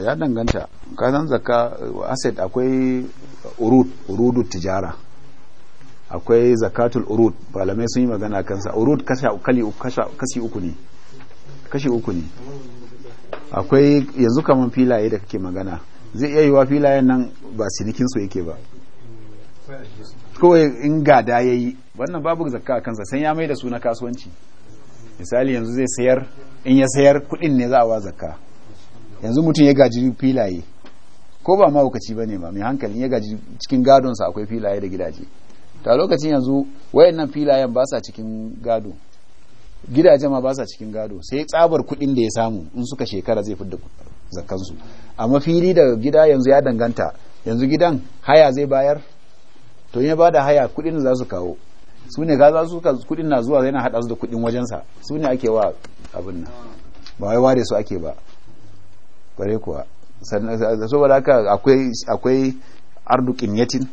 ya danganta kasan zaka asset akwai urud urudu tijara akwai zakatul urud malamai sun yi magana kansa urud kashi uku ne kashi uku ne akwai yanzu kamar filaye da kake magana zai iya yiwa filayen nan ba sinikin su yake ba kawai in gada ya yi wannan babu zakka a kansa sai ya mai da su na kasuwanci misali yanzu zai sayar in ya sayar kudin ne za a wa zakka yanzu mutum ya gaji filaye ko ba mahaukaci ba ne ba mai hankali ya gaji cikin gadonsa akwai filaye da gidaje ta lokacin yanzu wayannan filayen ba sa cikin gado gidaje ma ba sa cikin gado sai tsabar kuɗin da ya samu in suka shekara zai fidda zakansu amma fili da gida yanzu ya danganta yanzu gidan haya zai bayar to ya bada haya kuɗin za su kawo su ne kaza su kuɗin na zuwa yana haɗa su da kuɗin wajensa su ne ake wa abin nan ba wai ware su ake ba kware kuwa saboda haka akwai akwai ardu qinyatin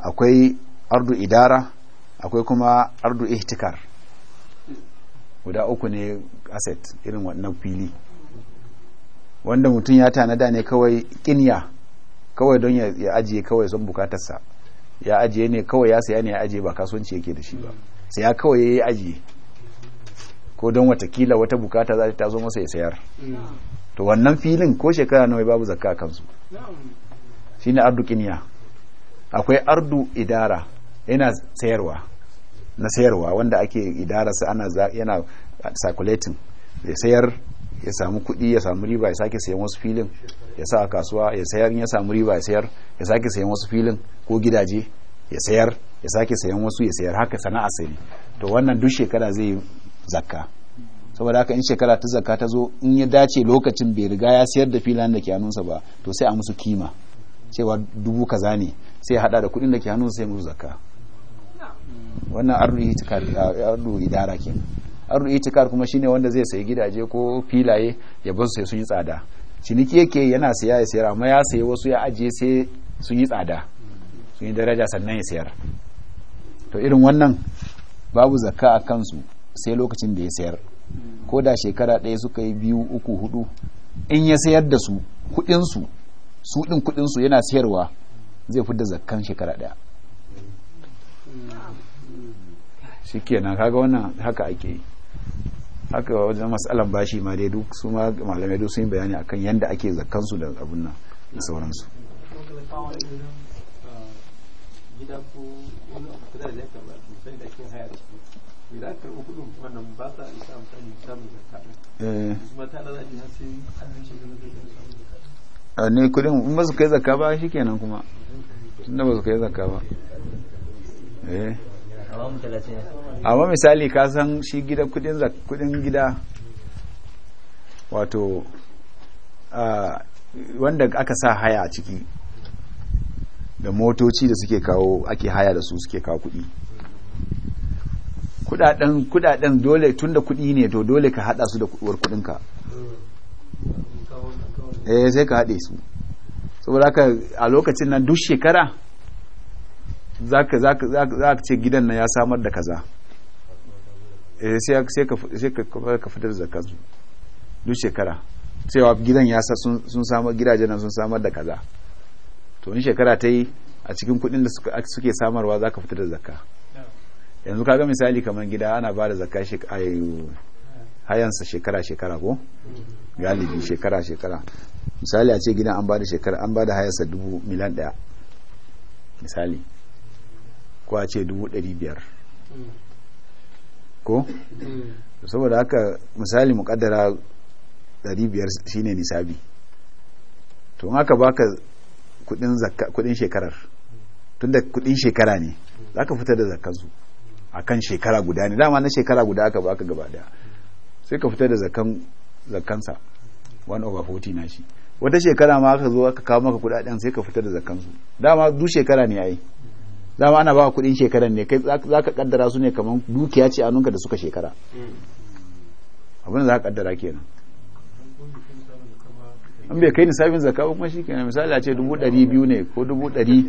akwai ardu idara akwai kuma ardu ihtikar guda uku ne asset irin wannan fili wanda mutum ya tanada ne kawai kinya kawai don ya ajiye kawai son bukatarsa ya ajiye ne kawai ya saya ne ya ajiye ba kasuwanci yake da shi ba sai ya kawai ya yi ajiye ko don watakila wata bukata za ta zo masa ya sayar mm. to wannan filin ko shekara nawa babu zakka su shine ardu kiniya akwai ardu idara yana sayarwa na sayarwa wanda ake su ana yana circulating ya sayar ya samu kuɗi ya samu riba ya sake sayan wasu filin ya sa a kasuwa ya sayar ya samu riba ya sayar ya sake sayan wasu filin ko gidaje ya sayar ya sake sayan wasu ya sayar haka sana'a sai to wannan duk shekara zai zakka saboda haka in shekara ta zaka ta zo in ya dace lokacin bai riga ya sayar da filan da ke hannunsa ba to sai a musu kima cewa dubu kaza ne sai hada da kudin da ke hannunsa sai musu zakka wannan ardu idara ke ardu itikar kuma shine wanda zai sayi gidaje ko filaye ya bar sai sun yi tsada ciniki yake yana siya ya sayar amma ya sayi wasu ya ajiye sai sun yi tsada sun yi daraja sannan ya sayar to irin wannan babu zakka a kansu sai lokacin da ya sayar ko da shekara ɗaya suka yi biyu uku hudu in ya sayar da su kudinsu su ɗin kuɗinsu yana sayarwa zai fi da zakkan shekara ɗaya shi kenan kaga wannan haka ake yi haka wajen matsalan bashi ma dai duk su malamai duk sun yi bayani akan yadda ake zakkansu da abun nan da sauransu idan kuɗin kuma eh. ne kudin in ba su kai zaka ba shi kenan kuma tunda ba su kai zaka ba eh amma misali ka san shi gida kuɗin kuɗin gida wato wanda aka sa haya a ciki da motoci da suke kawo ake haya da su suke kawo kuɗi kudaden kudaden dole tunda kudi ne to dole ka hada su da uwar kudin ka eh sai ka hade su saboda ka a lokacin nan duk shekara zaka zaka zaka ce gidan nan ya samar da kaza eh sai sai ka sai ka fitar zakka duk shekara cewa gidan ya sun samar gidajen nan sun samar da kaza to in shekara ta yi a cikin kudin da suke samarwa zaka fitar da zakka yanzu kaga misali kamar gida ana ba da zakka hayansa shekara-shekara ko galibi shekara-shekara misali a ce gidan an ba da shekara an ba da hayansa dubu milan daya misali ko a ce dubu dari biyar ko saboda haka misali mukaddara dari biyar shine nisabi to haka baka kudin shekarar tunda kudin shekara ne za ka fitar da zakansu akan shekara guda ne dama na shekara guda aka baka gaba da sai ka fita da zakan zakansa 1 over 40 na shi wata shekara ma aka zo aka kawo maka kudaden sai ka fita da zakansu dama du shekara ne ai dama ana baka kudin shekaran ne kai za ka kaddara su ne kamar dukiya ce a nunka da suka shekara abin da za ka kaddara kenan an bai kai nisabin zakka ba kuma kenan misali a ce dubu ɗari biyu ne ko dubu ɗari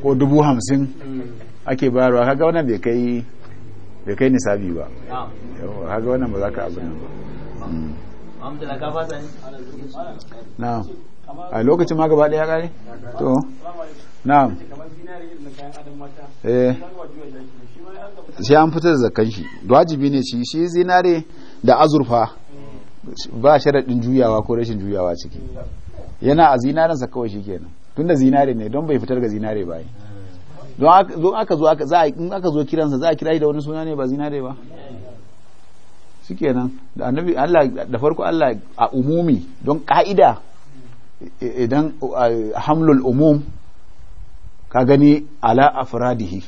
ko dubu hamsin ake bayarwa kaga wannan bai kai bai kai nisabi ba yawa kaga wannan ba za ka abin nan ba mm. a lokacin ma gaba daya kare to na eh sai an fitar da zakan shi wajibi ne shi shi zinare da azurfa ba sharaɗin juyawa ko rashin juyawa ciki yana a zinarensa kawai shi kenan tunda zinare ne don bai fitar ga zinare ba yi don aka zo aka za in aka zo kiransa za a kira shi da wani suna ne ba zinare ba shikenan da annabi Allah da farko Allah a umumi don ka'ida idan hamlul umum ka gani ala afradihi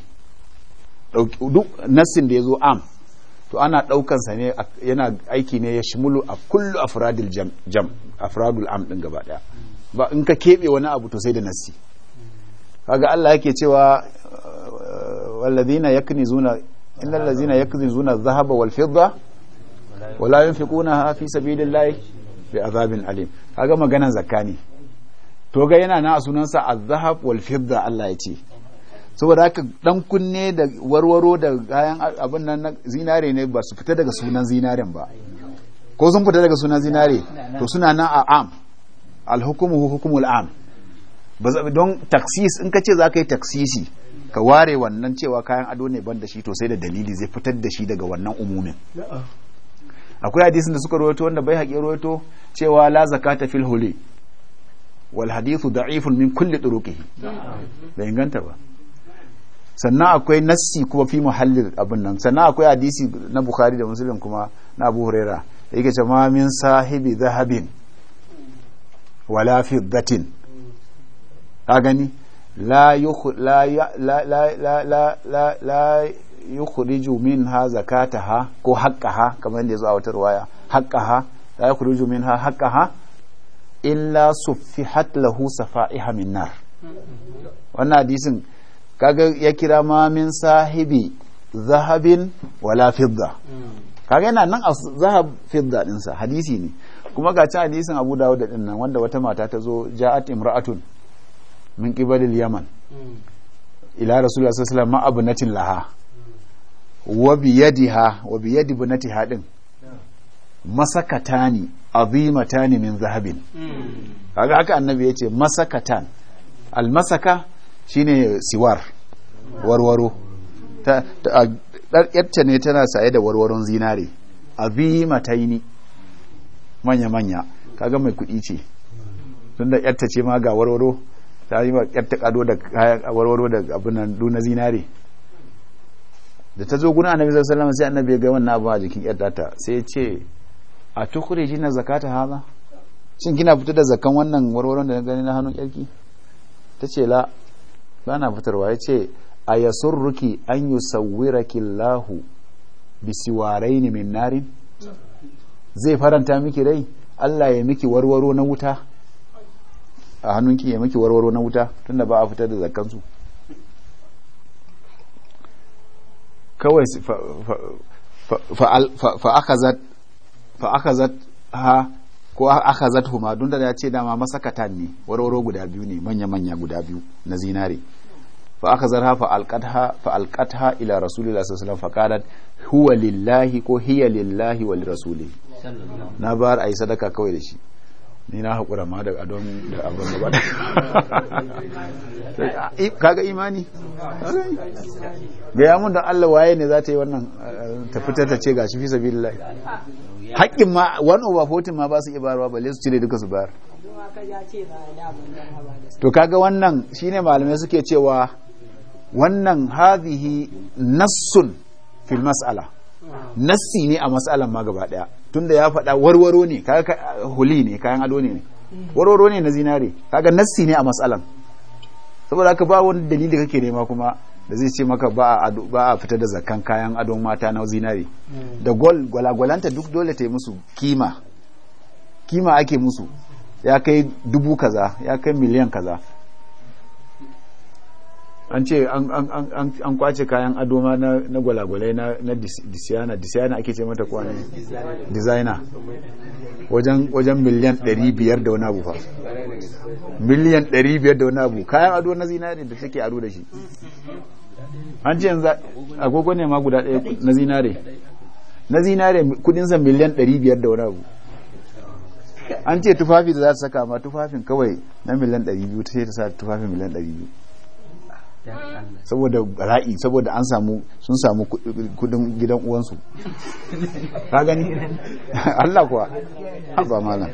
duk nassin da ya zo am to ana ɗaukansa ne yana aiki ne ya shimulu a kullu afradil jam afradul am ɗin gaba ɗaya ba in ka keɓe wani abu to sai da nasi. kaga Allah yake cewa walladhina yaknizuna innal ladzina yaknizuna dhahaba wal fidda wala yunfiqunaha fi sabilillahi bi azabin alim kaga maganan zakka ne to ga yana na sunansa adh-dhahab wal fidda Allah ya ce saboda haka dan kunne da warwaro da kayan abin nan zinare ne ba su fita daga sunan zinaren ba ko sun fita daga sunan zinare to suna nan a am al-hukmu hukumul am don taksis in ka ce za ka yi taksisi ka ware wannan cewa kayan ado ne ban da shi to sai da dalili zai fitar da shi daga wannan umumin akwai hadisin da suka rawaito wanda bai haƙe rawaito cewa la zakata fil huli wal hadithu da'ifun min kulli turuqihi da inganta ba sannan akwai nassi kuma fi muhallil abin nan sannan akwai hadisi na bukhari da muslim kuma na abu huraira yake cewa min sahibi zahabin wala fiddatin ka gani la ha zakata ha ko ha kamar yadda yazo a wata haƙƙa ha la yukhriju minha haqqaha illa suffihat lahu safa'iha min nar wannan hadisin kaga ya kira ma min sahibi zahabin wala fidda kaga yana nan a zahab fidda ɗinsa hadisi ne kuma ga can hadisin Abu Dawud din nan wanda wata mata ta zo ja'at imra'atun min qibalil yaman hmm. ila rasulullah sallallahu alaihi wasallam ma'abunatin laha hmm. wa biyadiha wa biyadi bunatiha din hmm. masakatani azimatani min zahabin kaga haka annabi ya ce masakatan almasaka shine siwar warwaro ta ne tana saye da warwaron zinare azimataini manya manya kaga mai kuɗi ce tunda yarta ce ma ga warwaro ta yi ta kado da kayan warwaro da abin nan duna zinare da ta zo guna annabi sallallahu alaihi wasallam sai annabi ya ga wannan abu a jikin yar data sai ya ce a tukure jina zakata haza shin kina fitar da zakan wannan warwaron da na gani na hannun yarki ta ce la ba na fitarwa ya ce a yasurruki an yusawwiraki Allahu bisiwaraini min narin zai faranta miki rai Allah ya miki warwaro na wuta a hannunki ya miki warwaro na wuta tunda ba a fitar da zakkansu kawai fa zat ha ko zat huma don da ya ce dama masakatan ne warwaro guda biyu ne manya-manya guda biyu na zinare fa'akazar ha fa ha ila rasulullah fa faƙadat huwa lillahi ko hiya lillahi wa rasuli na bar a yi sadaka kawai da shi ni na haƙura ma da adon da abin ba da kaga imani gaya mun don Allah waye ne za ta yi wannan eh, ta ta ce ga shi fi sabi lillahi haƙƙin ma one over fourteen ma ba su iya bayarwa balle su cire duka su bayar to kaga wannan shine malamai suke cewa wannan hadhihi nassun fil mas'ala nassi ne a mas'alan ma gaba daya tunda ya faɗa warwaro ne kaga huli ne kayan ado ne warwaro ne na zinare kaga nassi ne a matsalan saboda haka ba wani dalili kake nema kuma da zai ce maka ba a fita da zakan kayan ado mata na zinare hmm. da gol gwalagwalanta duk dole ta yi musu kima kima ake musu ya kai dubu kaza ya kai miliyan kaza an ce an kwace kayan ado ma na gwalagwalai na disiyana disiyana ake ce mata kwane designer wajen miliyan 500 da wani abu fa miliyan 500 da wani abu kayan ado na zinari da take aro da shi an ce yanzu agogo ne ma guda daya na zinare na zinare kudinsa miliyan 500 da wani abu an ce tufafi da za ta saka ma tufafin kawai na miliyan 200 sai ta sa tufafin miliyan 200 saboda ra'i saboda an samu sun samu kudin gidan uwansu ka gani Allah kuwa haba malam